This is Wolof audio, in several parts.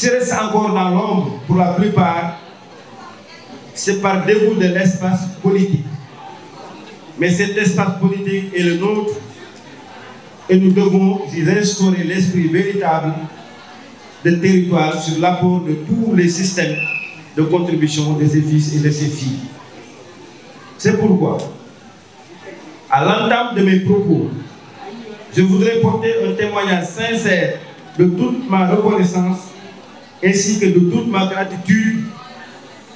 s'ils restent encore dans l'ombre pour la plupart, c'est par dégoût de l'espace politique. Mais cet espace politique est le nôtre et nous devons y restaurer l'esprit véritable de territoire sur l'apport de tous les systèmes de contribution de ses fils et de ses filles. C'est pourquoi, à l'entame de mes propos, je voudrais porter un témoignage sincère de toute ma reconnaissance ainsi que de toute ma gratitude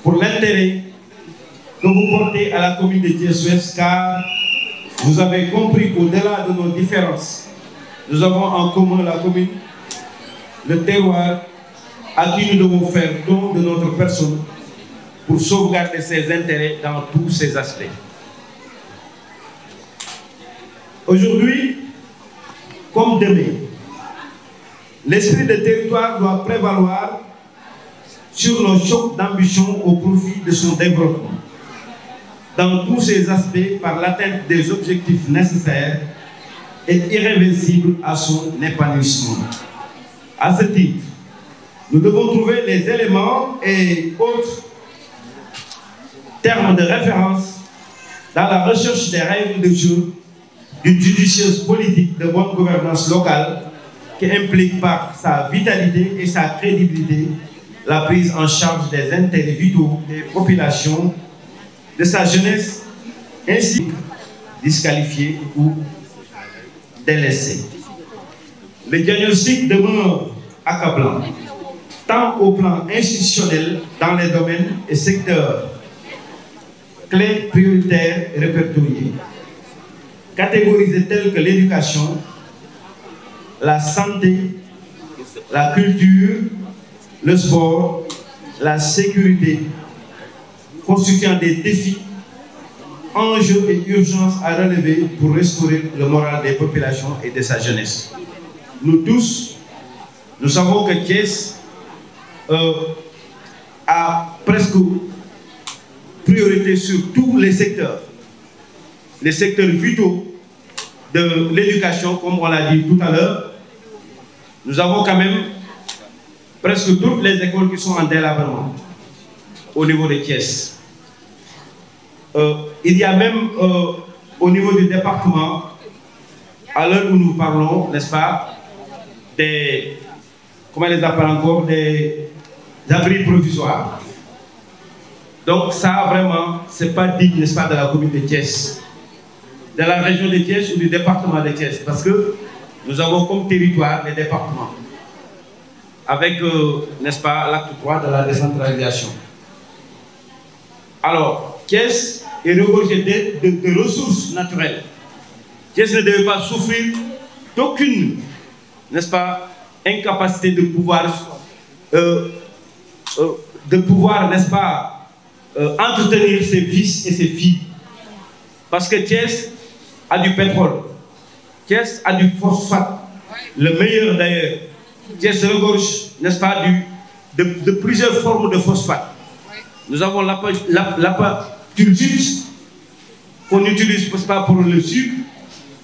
pour l'intérêt que vous portez à la commune de Thiès-Ouest car vous avez compris qu'au-delà de nos différences, nous avons en commun la commune, le terroir à qui nous devons faire don de notre personne pour sauvegarder ses intérêts dans tous ses aspects. Aujourd'hui, comme demain, L'esprit de territoire doit prévaloir sur nos chocs d'ambition au profit de son développement, dans tous ses aspects par l'atteinte des objectifs nécessaires et irréversibles à son épanouissement. À ce titre, nous devons trouver les éléments et autres termes de référence dans la recherche des règles de jeu, d'une judicieuse politique de bonne gouvernance locale que implique par sa vitalité et sa crédibilité la prise en charge des intérêts vitaux des populations, de sa jeunesse, ainsi disqualifiée ou délaissée. Le diagnostic demeure accablant, tant au plan institutionnel dans les domaines et secteurs clés prioritaires répertoriés, catégorisés tels que l'éducation, la santé, la culture, le sport, la sécurité, constituant des défis, enjeux et urgences à relever pour restaurer le moral des populations et de sa jeunesse. Nous tous, nous savons que Thiès euh, a presque priorité sur tous les secteurs, les secteurs vitaux de l'éducation, comme on l'a dit tout à l'heure, Nous avons quand même presque toutes les écoles qui sont en délabrement au niveau de Thiès. Euh, il y a même euh, au niveau du département, à l'heure où nous parlons, nest pas, des, comment les appelle encore, des, des provisoires. Donc ça, vraiment, c'est pas digne, de la commune de Thiès, de la région de Thiès ou du département de Thiès, parce que Nous avons comme territoire les départements, avec, euh, n'est-ce pas, l'acte de la décentralisation. Alors, Thiès est regorgé de, de, de, ressources naturelles. Thiès ne devait pas souffrir d'aucune, n'est-ce pas, incapacité de pouvoir, euh, euh, de pouvoir, n'est-ce pas, euh, entretenir ses fils et ses filles. Parce que Thiès a du pétrole. Thiès a du phosphate, le meilleur d'ailleurs. Thiès regorge, n'est-ce pas, du, de, de, plusieurs formes de phosphate. Nous avons l'apaturgite qu'on utilise, n'est-ce pas, pour le sucre.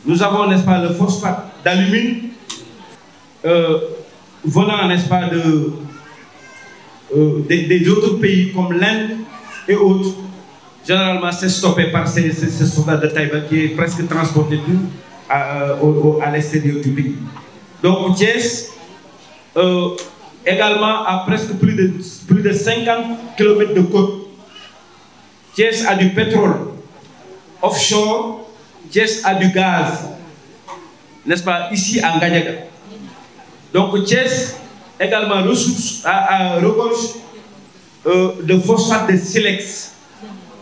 Nous avons, n'est-ce pas, le phosphate d'alumine, euh, n'est-ce pas, de, euh, des, des, autres pays comme l'Inde et autres. Généralement, c'est stoppé par ces, ce soldat de Taïwan qui est presque transporté tout à, euh, au, à Donc Thiès euh, également a presque plus de, plus de 50 km de côte. Thiès a du pétrole offshore, Thiès a du gaz, n'est-ce pas, ici à Ngadiaga. Donc Thiès également ressource, à, à regorge euh, de phosphate de silex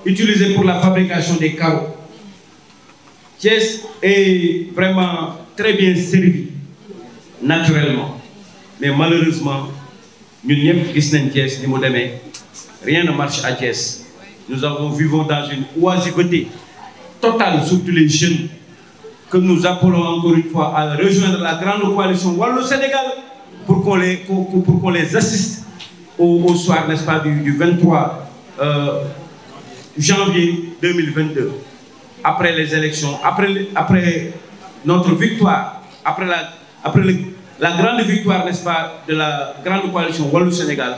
utilisé pour la fabrication des carreaux. Thiès est vraiment très bien servi naturellement mais malheureusement ñun ñëpp gis nañ Thiès ni mu demee rien ne marche à Thiès nous avons vivons dans une oisiveté totale surtout les jeunes que nous appelons encore une fois à rejoindre la grande coalition Wallu Sénégal pour qu'on les pour qu'on les assiste au au soir n'est-ce pas du du 23 euh, janvier 2022 après les élections, après, après notre victoire, après la, grande victoire, n'est-ce pas, de la grande coalition Wallou-Sénégal,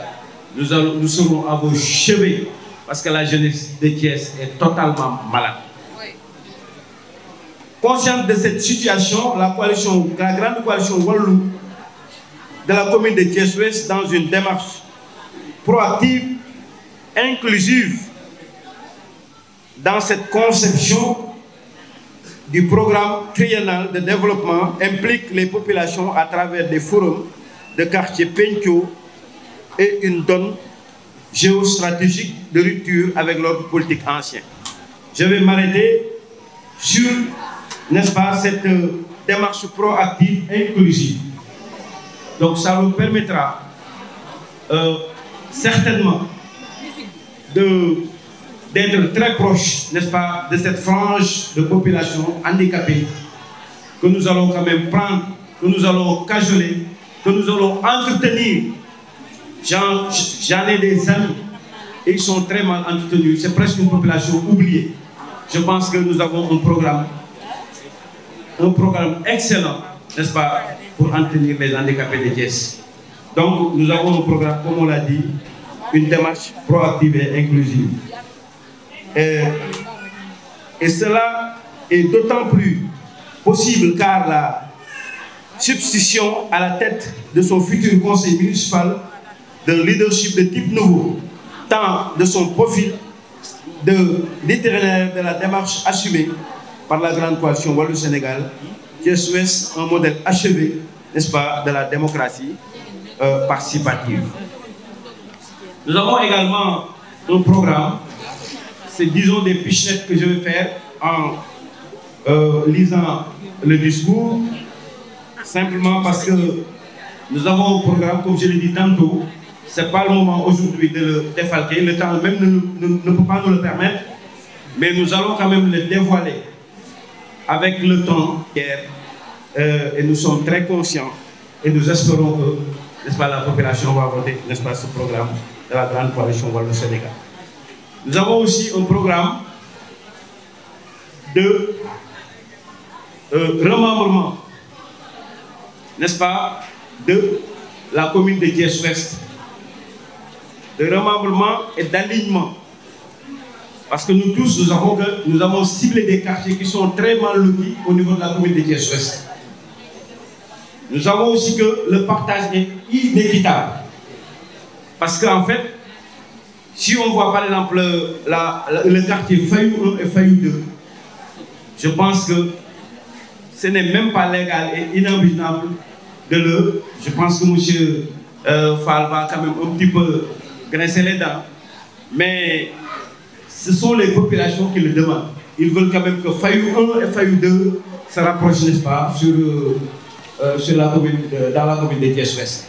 nous, serons à vos cheveux parce que la jeunesse des Thiès est totalement malade. Consciente de cette situation, la, coalition, la grande coalition Wallou de la commune de Thiès-Ouest, dans une démarche proactive, inclusive dans cette conception du programme triennal de développement implique les populations à travers des forums de quartiers Pencou et une donne géostratégique de rupture avec l'ordre politique ancien. Je vais m'arrêter sur, n'est-ce pas, cette euh, démarche proactive et inclusive. Donc ça nous permettra euh, certainement de d'être très proche, n'est-ce pas, de cette frange de population handicapée que nous allons quand même prendre, que nous allons cajoler, que nous allons entretenir. J'en ai des amis, ils sont très mal entretenus, c'est presque une population oubliée. Je pense que nous avons un programme, un programme excellent, n'est-ce pas, pour entretenir les handicapés de Thiès. Donc nous avons un programme, comme on l'a dit, une démarche proactive et inclusive. Euh, cela est d'autant plus possible car la substitution à la tête de son futur conseil municipal d'un leadership de type nouveau, tant de son profil, de l'itinéraire de la démarche assumée par la grande coalition Wallou-Sénégal, qui souhaite un modèle achevé, nest pas, de la démocratie euh, participative. Nous avons également un programme c'est disons des pichenettes que je vais faire en euh, lisant le discours, simplement parce que nous avons un comme je l'ai dit tantôt, c'est pas le moment aujourd'hui de le temps même ne, peut pas nous le permettre, mais nous allons quand même le dévoiler avec le temps euh, et nous sommes très conscients et nous espérons que, n'est-ce pas, la population va voter, de la grande coalition Wallon-Sénégal. Nous avons aussi un programme de euh, remembrement, n'est-ce pas, de la commune de Thiès-Ouest. De remembrement et d'alignement. Parce que nous tous, nous avons, nous avons ciblé des quartiers qui sont très mal lotis au niveau de la commune de Thiès-Ouest. Nous avons aussi que le partage est inéquitable. Parce qu'en fait, Si on voit par exemple euh, la, la, le quartier Fayou 1 et Fayou 2, je pense que ce n'est même pas légal et inhabitable de le. Je pense que M. Euh, Fall va quand même un petit peu grincer les dents. Mais ce sont les populations qui le demandent. Ils veulent quand même que Fayou 1 et Fayou 2 se rapprochent, nest pas, euh, euh, sur, la commune de, dans la commune de Thiès-Ouest.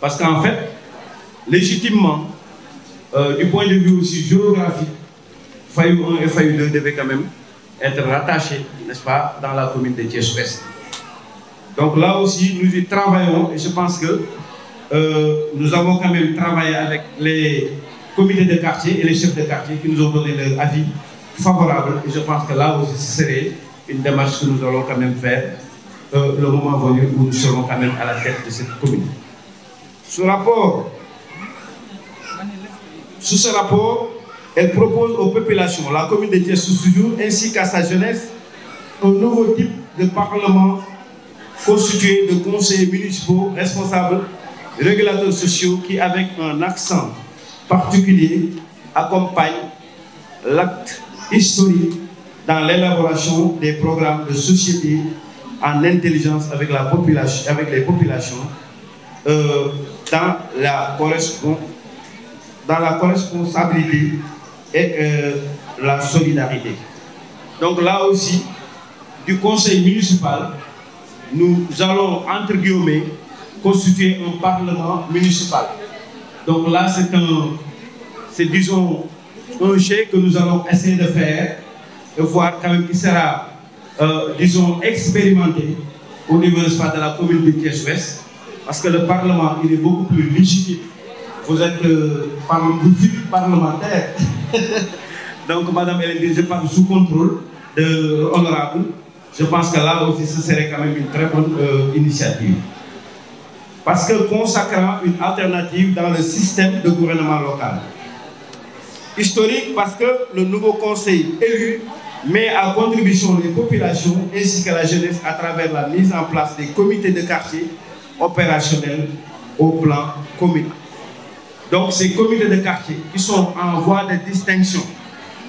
Parce qu'en fait, légitimement, Euh, du point de vue aussi géographique, Fayu et Fayu devaient être rattachés, n'est-ce pas, dans la commune de Thiès-Ouest. Donc là aussi, nous y travaillons et je pense que euh, nous avons quand même travaillé avec les comités de quartier et les chefs de quartier qui nous ont donné leur avis favorable. Et je pense que là aussi, ce serait une démarche que nous allons quand même faire euh, le moment venu où nous serons quand même à la tête de cette commune. Ce rapport Sous ce rapport, elle propose aux populations, la commune de Thiès-sous-Souyour ainsi qu'à sa jeunesse, un nouveau type de parlement constitué de conseillers municipaux responsables, régulateurs sociaux qui, avec un accent particulier, accompagnent l'acte historique dans l'élaboration des programmes de société en intelligence avec, la population, avec les populations, euh, dans la correspondance dans la responsabilité et euh, la solidarité. Donc là aussi, du conseil municipal, nous allons, entre guillemets, constituer un parlement municipal. Donc là, c'est un, c'est disons, un jet que nous allons essayer de faire et voir quand même qui sera, euh, disons, expérimenté au de la commune de Thiès-Ouest, parce que le parlement, il est beaucoup plus légitime vous êtes euh, parlementaire donc madame Hélène je parle sous contrôle je pense que là aussi ce serait quand même une très bonne euh, initiative parce que consacrant une alternative dans le système de gouvernement local historique parce que le nouveau conseil élu met à contribution les populations ainsi que la jeunesse à travers la mise en place des comités de quartier opérationnels au plan communal Donc ces comités de quartier qui sont en voie de distinction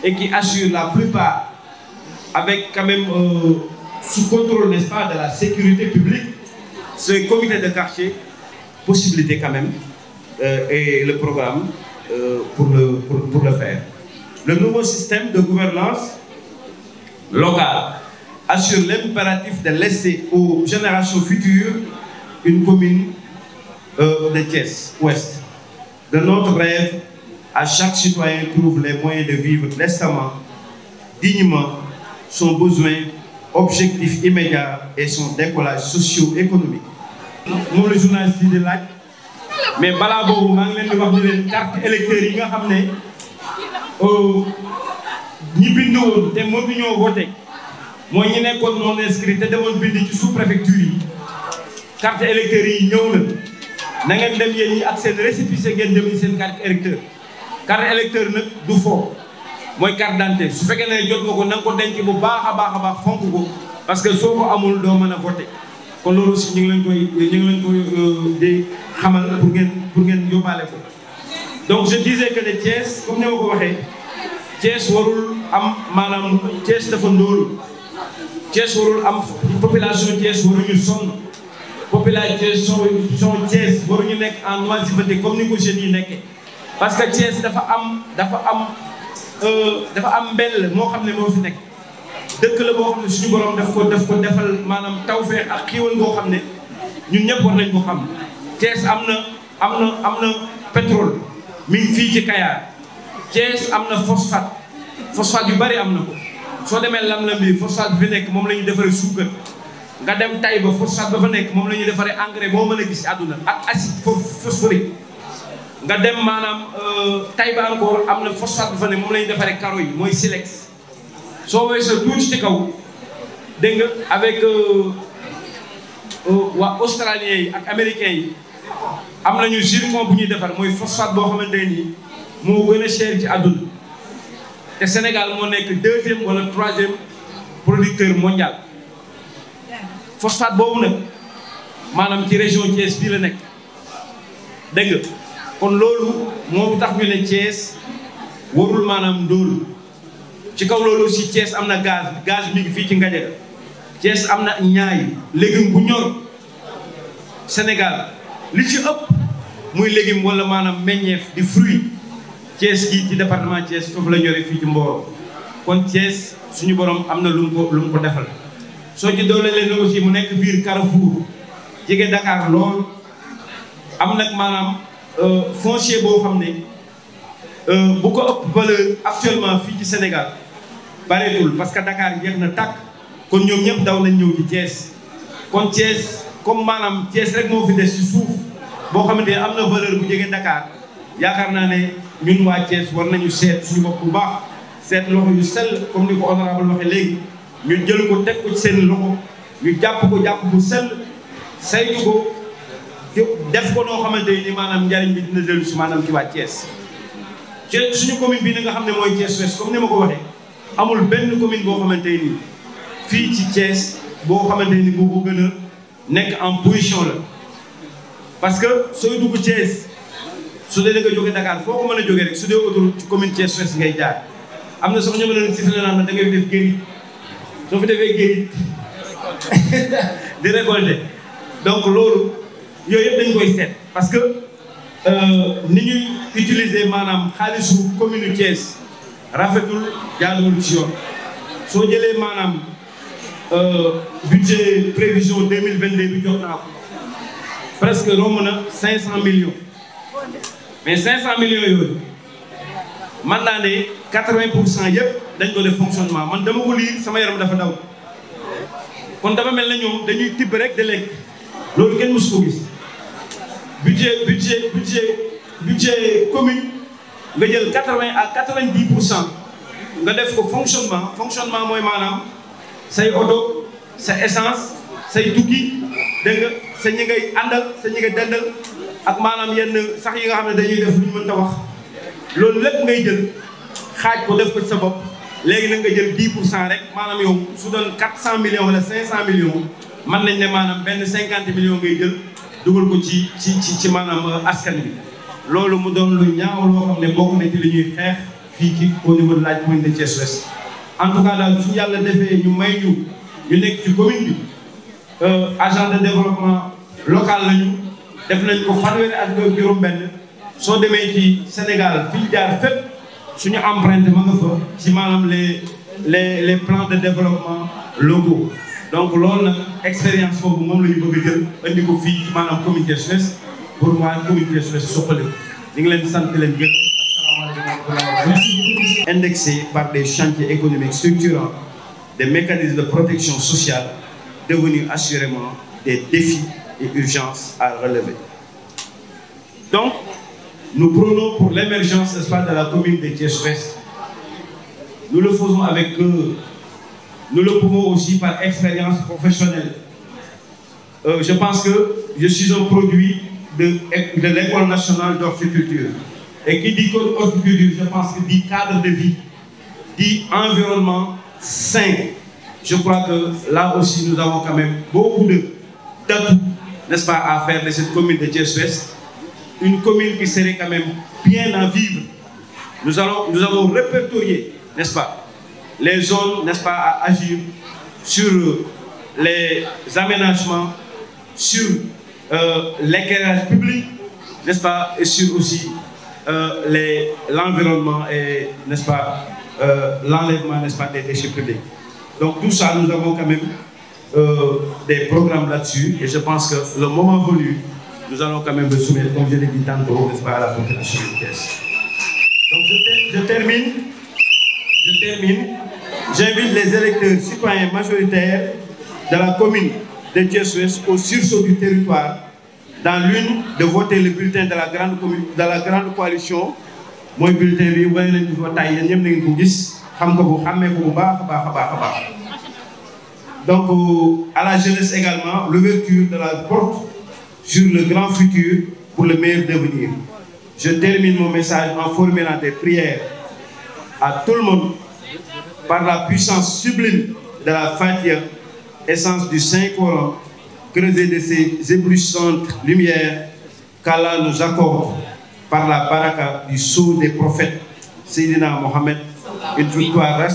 et qui assurent la plupart avec quand même euh, sous contrôle, nest pas, de la sécurité publique, ces comités de quartier, possibilité quand même, euh, et le programme euh, pour, le, pour, pour le faire. Le nouveau système de gouvernance locale assure l'impératif de laisser aux générations futures une commune euh, de Thiès-Ouest. de notre rêve à chaque citoyen trouve les moyens de vivre lestement, dignement son besoin, objectif immédiat et son décollage socio-économique. moom la journaliste yi di laaj mais balaa boobu maa ngi leen di wax ni carte électeurs yi nga xam ne euh, ñi bind woon te mënuñoo voté mooy ñi nekkoon non inscrit te demoon bind ci sous-préfecture yi carte électeurs yi ñëw na. na ngeen dem yéen ñi ak seen récépissé ngeen dem ni seen carte électeur carte électeur nag du fo mooy carte d'identité su fekkee ne jot nga ko na nga ko denc bu baax a baax a baax fonk ko parce que soo ko amul doo mën a voté kon loolu aussi ñu ngi leen koy ñu ngi leen koy euh, di xamal pour ngeen pour ngeen yóbbaale ko donc je disais que ne Thiès comme ni ma ko waxee Thiès warul am maanaam Thiès dafa ndóolu Thiès warul am population Thiès waruñu sonn soo population Thiès ñu nekk en oisiveté comme ni ko jeunes yi nekkee parce que Thiès dafa am dafa am euh, dafa am mbell moo xam ne moo fi nekk dëkk la boo xam ne suñu borom daf ko daf ko defal maanaam tawfeex ak xiiwal boo xam ne ñun ñëpp war nañ ko xam Thiès am na am na am na pétrole mi fii ci Kayar Thiès am na phosphate phosphate yu bari am na ko soo demee lam-lam bi phosphate bi nekk moom la ñuy defaree suukar nga dem ba phosphate ba fa nekk moom la ñuy defaree engrais boo mën a gis àdduna ak acide phosphorique nga dem maanaam euh, Taïba encore am na phosphate ba fa nekk moom la ñuy defaree caro yi mooy silex soo weesoo tuuti ci kaw dégg nga avec euh, euh, waa australiens yi ak américains yi am nañu zircon bu ñuy defar mooy phosphate boo xamante nii moo gën a ci àdduna te Sénégal moo nekk deuxième wala troisième producteur mondial. phosphate boobu nag maanaam ci région Thiès bii la nekk dégg kon loolu moo tax ñu ne Thiès warul maanaam ndóol ci kaw loolu aussi Thiès am na gaz gaz mi ngi fii ci Ngadiaga Thiès am na ñaay légume bu ñor Sénégal li ci ëpp muy légume wala maanaam meññeef di fruit Thiès gi ci département Thiès foofu la ñore fii ci Mboro kon Thiès suñu borom am na lu lu mu ko defal soo ci doole leen aussi mu nekk biir Carrefour jege Dakar lool am nag maanaam euh, foncier boo xam ne euh, bu ko ëpp valeur actuellement fii ci Sénégal bareetul parce que Dakar jeex na takk kon ñoom ñëpp daw nañ ñëw ci jees kon Thiès comme maanaam Thiès rek moo fi des ci suuf boo xamante ne am na valeur bu jege dakaar yaakaar naa ne ñun waa Thiès war nañu seet suñu bopp bu baax seet loxo yu sell comme ni ko honorable waxee léegi ñu jël ko teg ko ci seen loxo ñu jàpp ko jàpp bu sell saytu ko def ko noo xamante ni maanaam njariñ bi dina dellu si maanaam ci waa Thiès. ci suñu commune bii na nga xam ne mooy Thiès Ouest comme ni ma ko waxee amul benn commune boo xamante ni fii ci Thiès boo xamante ni boo ko nekk en position la parce que sooy dugg Thiès su dee da jóge Dakar foo ko mën a jógee rek su dee autoroute ci commune Thiès Ouest ngay jaar am na sax ñu mën a siffler naan da ngay def soo fi defee géej di récolter donc loolu yooyu yëpp dañ koy seet parce que euh, ni ñuy utiliser maanaam xaalisu commune Thiès rafetul jaaduwul ci yoon soo jëlee maanaam euh, budget prévision deux mille vingt deux bi jox naa ko presque romb na cinq cent millions mais cinq cent millions yooyu. man naa ne quatre-vingt pour cent yëpp dañ doon def fonctionnement man dama ko lire sama yaram dafa daw kon dafa mel na ñoom dañuy tibb rek di lekk loolu kenn mësu ko gis budget budget budget budget commune nga jël quatre-vingt à quatre-vingt-dix pour cent nga def ko fonctionnement fonctionnement mooy maanaam say oto sa essence say tukki dégg nga sa ñi ngay àndal sa ñi ngay ak maanaam yenn sax yi nga xam ne dañuy def lu ñu mën wax loolu lépp ngay jël xaaj ko def ko ci sa bopp léegi nag nga jël 10 pour cent rek maanaam yow su doon 400 millions wala 500 millions man nañ ne maanaam benn 50 millions ngay jël dugal ko ci ci ci ci maanaam askan bi loolu mu doon lu ñaaw loo xam ne bokk na ci li ñuy xeex fii ci au niveau de la commune de Thiès Ouest en tout cas daal su yàlla defee ñu may ñu ñu nekk ci commune bi euh, agent de développement local lañu def nañ ko fanweeri ak juróom-benn. soo demee ci Sénégal fi ñu jaar fépp suñu empreinte ma nga fa ci les les les plans de développement locaux donc loolu nag expérience foofu moom la ñu bëgg a jël andi ko fii maanaam comité Suez pour waa comité Suez suqali ñu ngi leen sant leen gërëm asalaamaaleykum indexé par des chantiers économiques structurants des mécanismes de protection sociale devenus assurément des défis et urgences à relever donc Nous prenons pour l'émergence, nest pas, de la commune de Thiès-Ouest. Nous le faisons avec eux. Nous le pouvons aussi par expérience professionnelle. Euh, je pense que je suis un produit de, de l'École nationale d'horticulture. Et qui dit horticulture, je pense que dit cadre de vie, dit environnement sain. Je crois que là aussi, nous avons quand même beaucoup d'atouts, n'est-ce pas, à faire de cette commune de Thiès-Ouest une commune qui serait quand même bien à vivre. Nous, allons, nous avons répertorié, n'est-ce pas, les zones, n'est-ce pas, à agir sur euh, les aménagements, sur euh, l'éclairage public, n'est-ce pas, et sur aussi euh, l'environnement et, n'est-ce pas, euh, l'enlèvement, n'est-ce pas, des déchets publics. Donc tout ça, nous avons quand même euh, des programmes là-dessus et je pense que le moment venu, nous allons quand même le soumettre, comme je l'ai dit tantôt, n'est-ce pas, à la je, termine, je termine, j'invite les électeurs citoyens majoritaires de la commune de Thiès-Ouest au sursaut du territoire dans l'une de voter le bulletin de la grande commune de la grande coalition mooy bulletin bi wane nañ ko fa tay yéen ñëpp na ngeen gis xam ko bu xàmmee ko bu baax a baax a baax a baax donc euh, à la jeunesse également l'ouverture de la porte sur le grand futur pour le meilleur des prières à tout le monde la puissance sublime de la Fatiha, essence du Saint-Coran, creusée de ses éblouissantes lumières qu'Allah nous par la baraka du sceau des prophètes Seydina Mohamed, la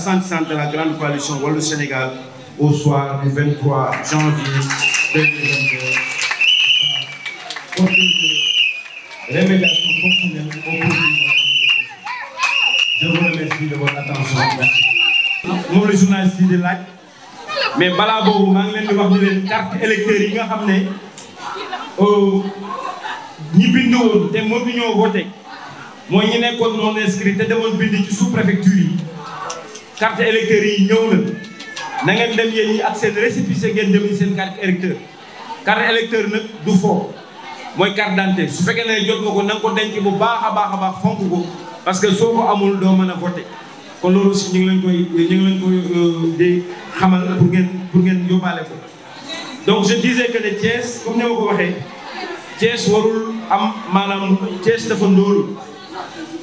grande coalition Wallou Sénégal au soir de remédiation fonctionnelle au profit de la je di laaj mais balaa boobu maa ngi leen di wax ni leen carte électeur yi nga xam ne euh, ñi bind woon te mënu ñoo voté mooy ñi nekkoon non inscrit te demoon bind ci sous préfecture yi carte électeur yi ñëw na na ngeen dem yéen ñi ak seen récépissé ngeen dem seen carte électeur carte électeur nag du foofu. mooy carte d'identité su fekkee ne jot nga ko na nga ko denc bu baax a baax a fonk ko parce que soo ko amul doo mën a voté kon loolu aussi ñu ngi leen koy ñu ngi leen koy euh, di xamal pour ngeen pour ngeen donc je disais que comme ni ma ko waxee Thiès warul am maanaam Thiès dafa ndóolu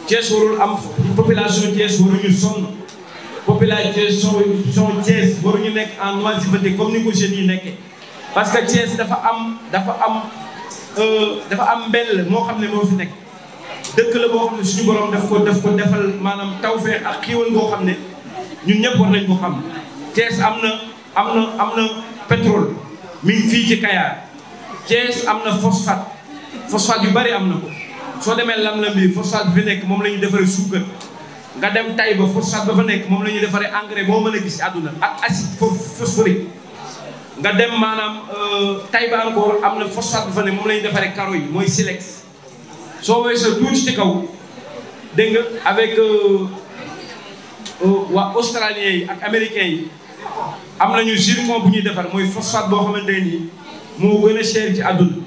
Thiès warul am population Thiès waruñu sonn population Thiès waruñu nekk en oisiveté comme ni ko jeunes yi nekkee parce que Thiès dafa am dafa am. Euh, dafa am mbell moo xam ne moo fi nekk dëkk la boo xam ne suñu borom daf ko daf ko defal maanaam tawfeex ak xiiwal boo xam ne ñun ñëpp war nañ ko xam Thiès am na am na am na pétrole mi fii ci Kayar Thiès am na phosphate phosphate yu bari am na ko soo demee lam lam bi phosphate bi fi nekk moom la ñuy defaree suukar nga dem Taïba phosphate ba fa nekk moom la ñuy defaree engrais boo mën a gis àdduna ak acide phosphorique nga dem maanaam euh, Taïba encore am na phosphate bu fa ne moom la ñu defaree carreaux yi mooy silex soo woowee sa tuuti ci kaw dégg nga avec euh, euh, waa australiens yi ak américains yi am nañu zircon bu ñuy defar mooy phosphate boo xamante nii moo gën a cher ci àdduna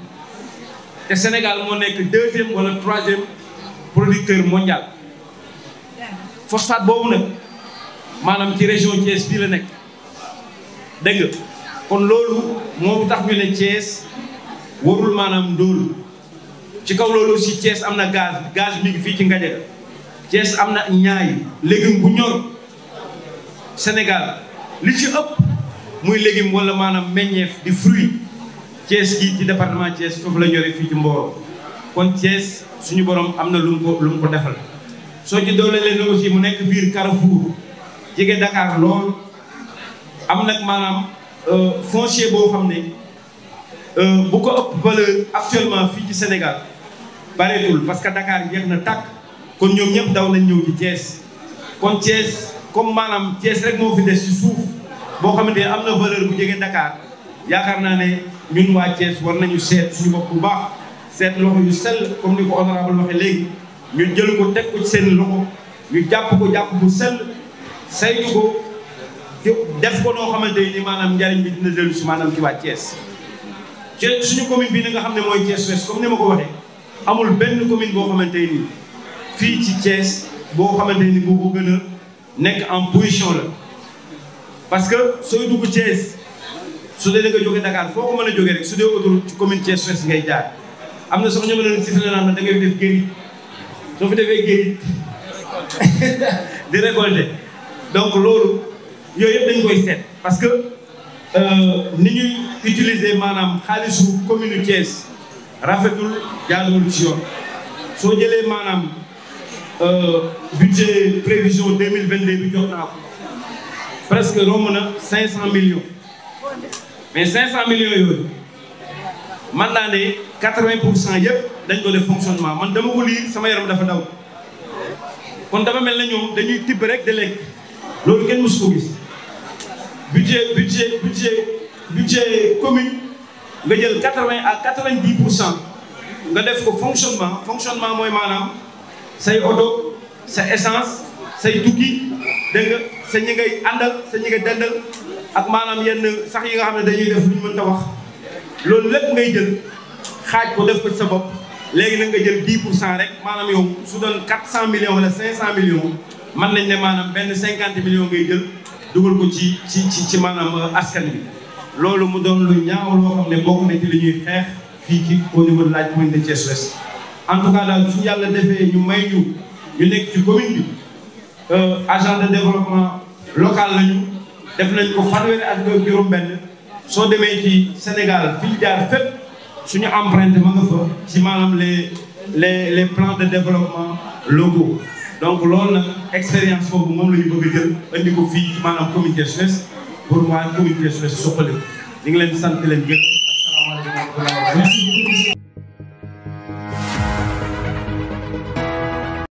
te Sénégal moo nekk deuxième wala troisième producteur mondial phosphate boobu nag maanaam ci région Thiès bii la nekk dégg nga kon loolu moo tax ñu ne Thiès warul maanaam ndóol ci kaw loolu aussi Thiès am na gaz gaz mi ngi fii ci Ngadiaga Thiès am na ñaay légume bu ñor Sénégal li ci ëpp muy légume wala maanaam meññeef di fruit cees gi ci département Thiès foofu la ñoree fii ci Mboro kon Thiès suñu boroom am na lu mu ko defal soo ci doole leen aussi mu nekk biir Carrefour jege Dakar lool am nag maanaam. Euh, foncier boo xam ne euh, bu ko ëpp valeur actuellement fii ci Sénégal bareetul parce que Dakar jeex na tàkk kon ñoom ñëpp daw nañ ñëw ci jees kon Thiès comme maanaam Thiès rek moo fi des ci suuf boo xamante ne am na valeur bu jege Dakar yaakaar naa ne ñun waa Thiès war nañu seet suñu bopp bu baax seet loxo yu sell comme ni ko honorable waxee léegi ñu jël ko teg ko ci seen loxo ñu jàpp ko jàpp bu sell saytu ko. def ko noo xamante ni maanaam njariñ bi dina dellu si maanaam ci waa Thiès ci suñu commune bii na nga xam ne mooy Thiès Ouest comme ni ma ko waxee amul benn commune boo xamante ni fii ci boo xamante nekk en position la parce que soo dugg Thiès su dee da nga jóge Dakar foo ko a jógee rek su dee autoroute ci commune Thiès Ouest ngay jaar am na sax ñu mën a sifflé naan la da ngay def gérit soo fi defee gérit di de donc loolu yooyu yëpp dañ koy seet parce que euh, ni ñuy utiliser maanaam xaalisu commune Thiès rafetul jaaduwul ci yoon soo jëlee maanaam euh, budget prévision mille vingt 2022 bi jox naa ko presque romb na cent millions mais cent millions yooyu man naa ne 80 pour cent yëpp dañ ko def fonctionnement man dama ko lii sama yaram dafa daw kon dafa mel na ñoom dañuy tibb rek de lekk loolu kenn mësu ko budget budget budget budget commune nga jël quatre vingt à quatre vingt dix pour cent nga def ko fonctionnement fonctionnement mooy maanaam say oto sa essence say tukki dégg nga sa ñi ngay àndal sa ñi ngay dendal ak maanaam yenn sax yi nga xam ne dañuy def lu ñu mën ta wax loolu lépp ngay jël xaaj ko def ko sa bopp léegi nag nga jël dix pour cent rek maanaam yow su doon quatre cent millions wala cinq cent millions man nañ ne maanaam benn cinquante millions ngay jël. dugal ko ci ci ci ci maanaam euh, askan bi loolu mu doon lu ñaaw loo xam ne bokk na ci li ñuy xeex fii ci au niveau de la commune de Thiès Ouest en tout cas daal su yàlla defee ñu may ñu ñu nekk ci commune bi euh, agent de développement local lañu def nañ ko fanweeri ak juróom-benn soo demee ci Sénégal fi ñu jaar fépp suñu empreinte ma nga fa ci maanaam les les les plans de développement locaux. donc loolu na expérience foofu moom la ñu bëgg a jël andi ko fii maanaam comité Suez pour waa comité Suez suqali ñu ngi leen sant leen gërëm asalaamaaleykum wa